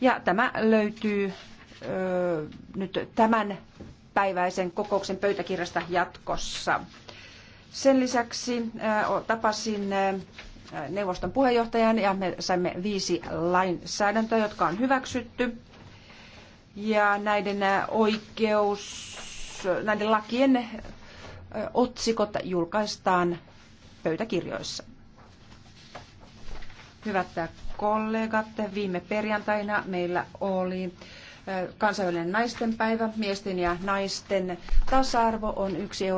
Ja tämä löytyy ö, nyt tämän päiväisen kokouksen pöytäkirjasta jatkossa. Sen lisäksi ö, tapasin ö, neuvoston puheenjohtajan ja me saimme viisi lainsäädäntöä, jotka on hyväksytty. Ja näiden oikeus, näiden lakien otsikot julkaistaan pöytäkirjoissa. Hyvät kollegat, viime perjantaina meillä oli eh, kansainvälinen naistenpäivä. Miesten ja naisten tasa-arvo on yksi Euroopan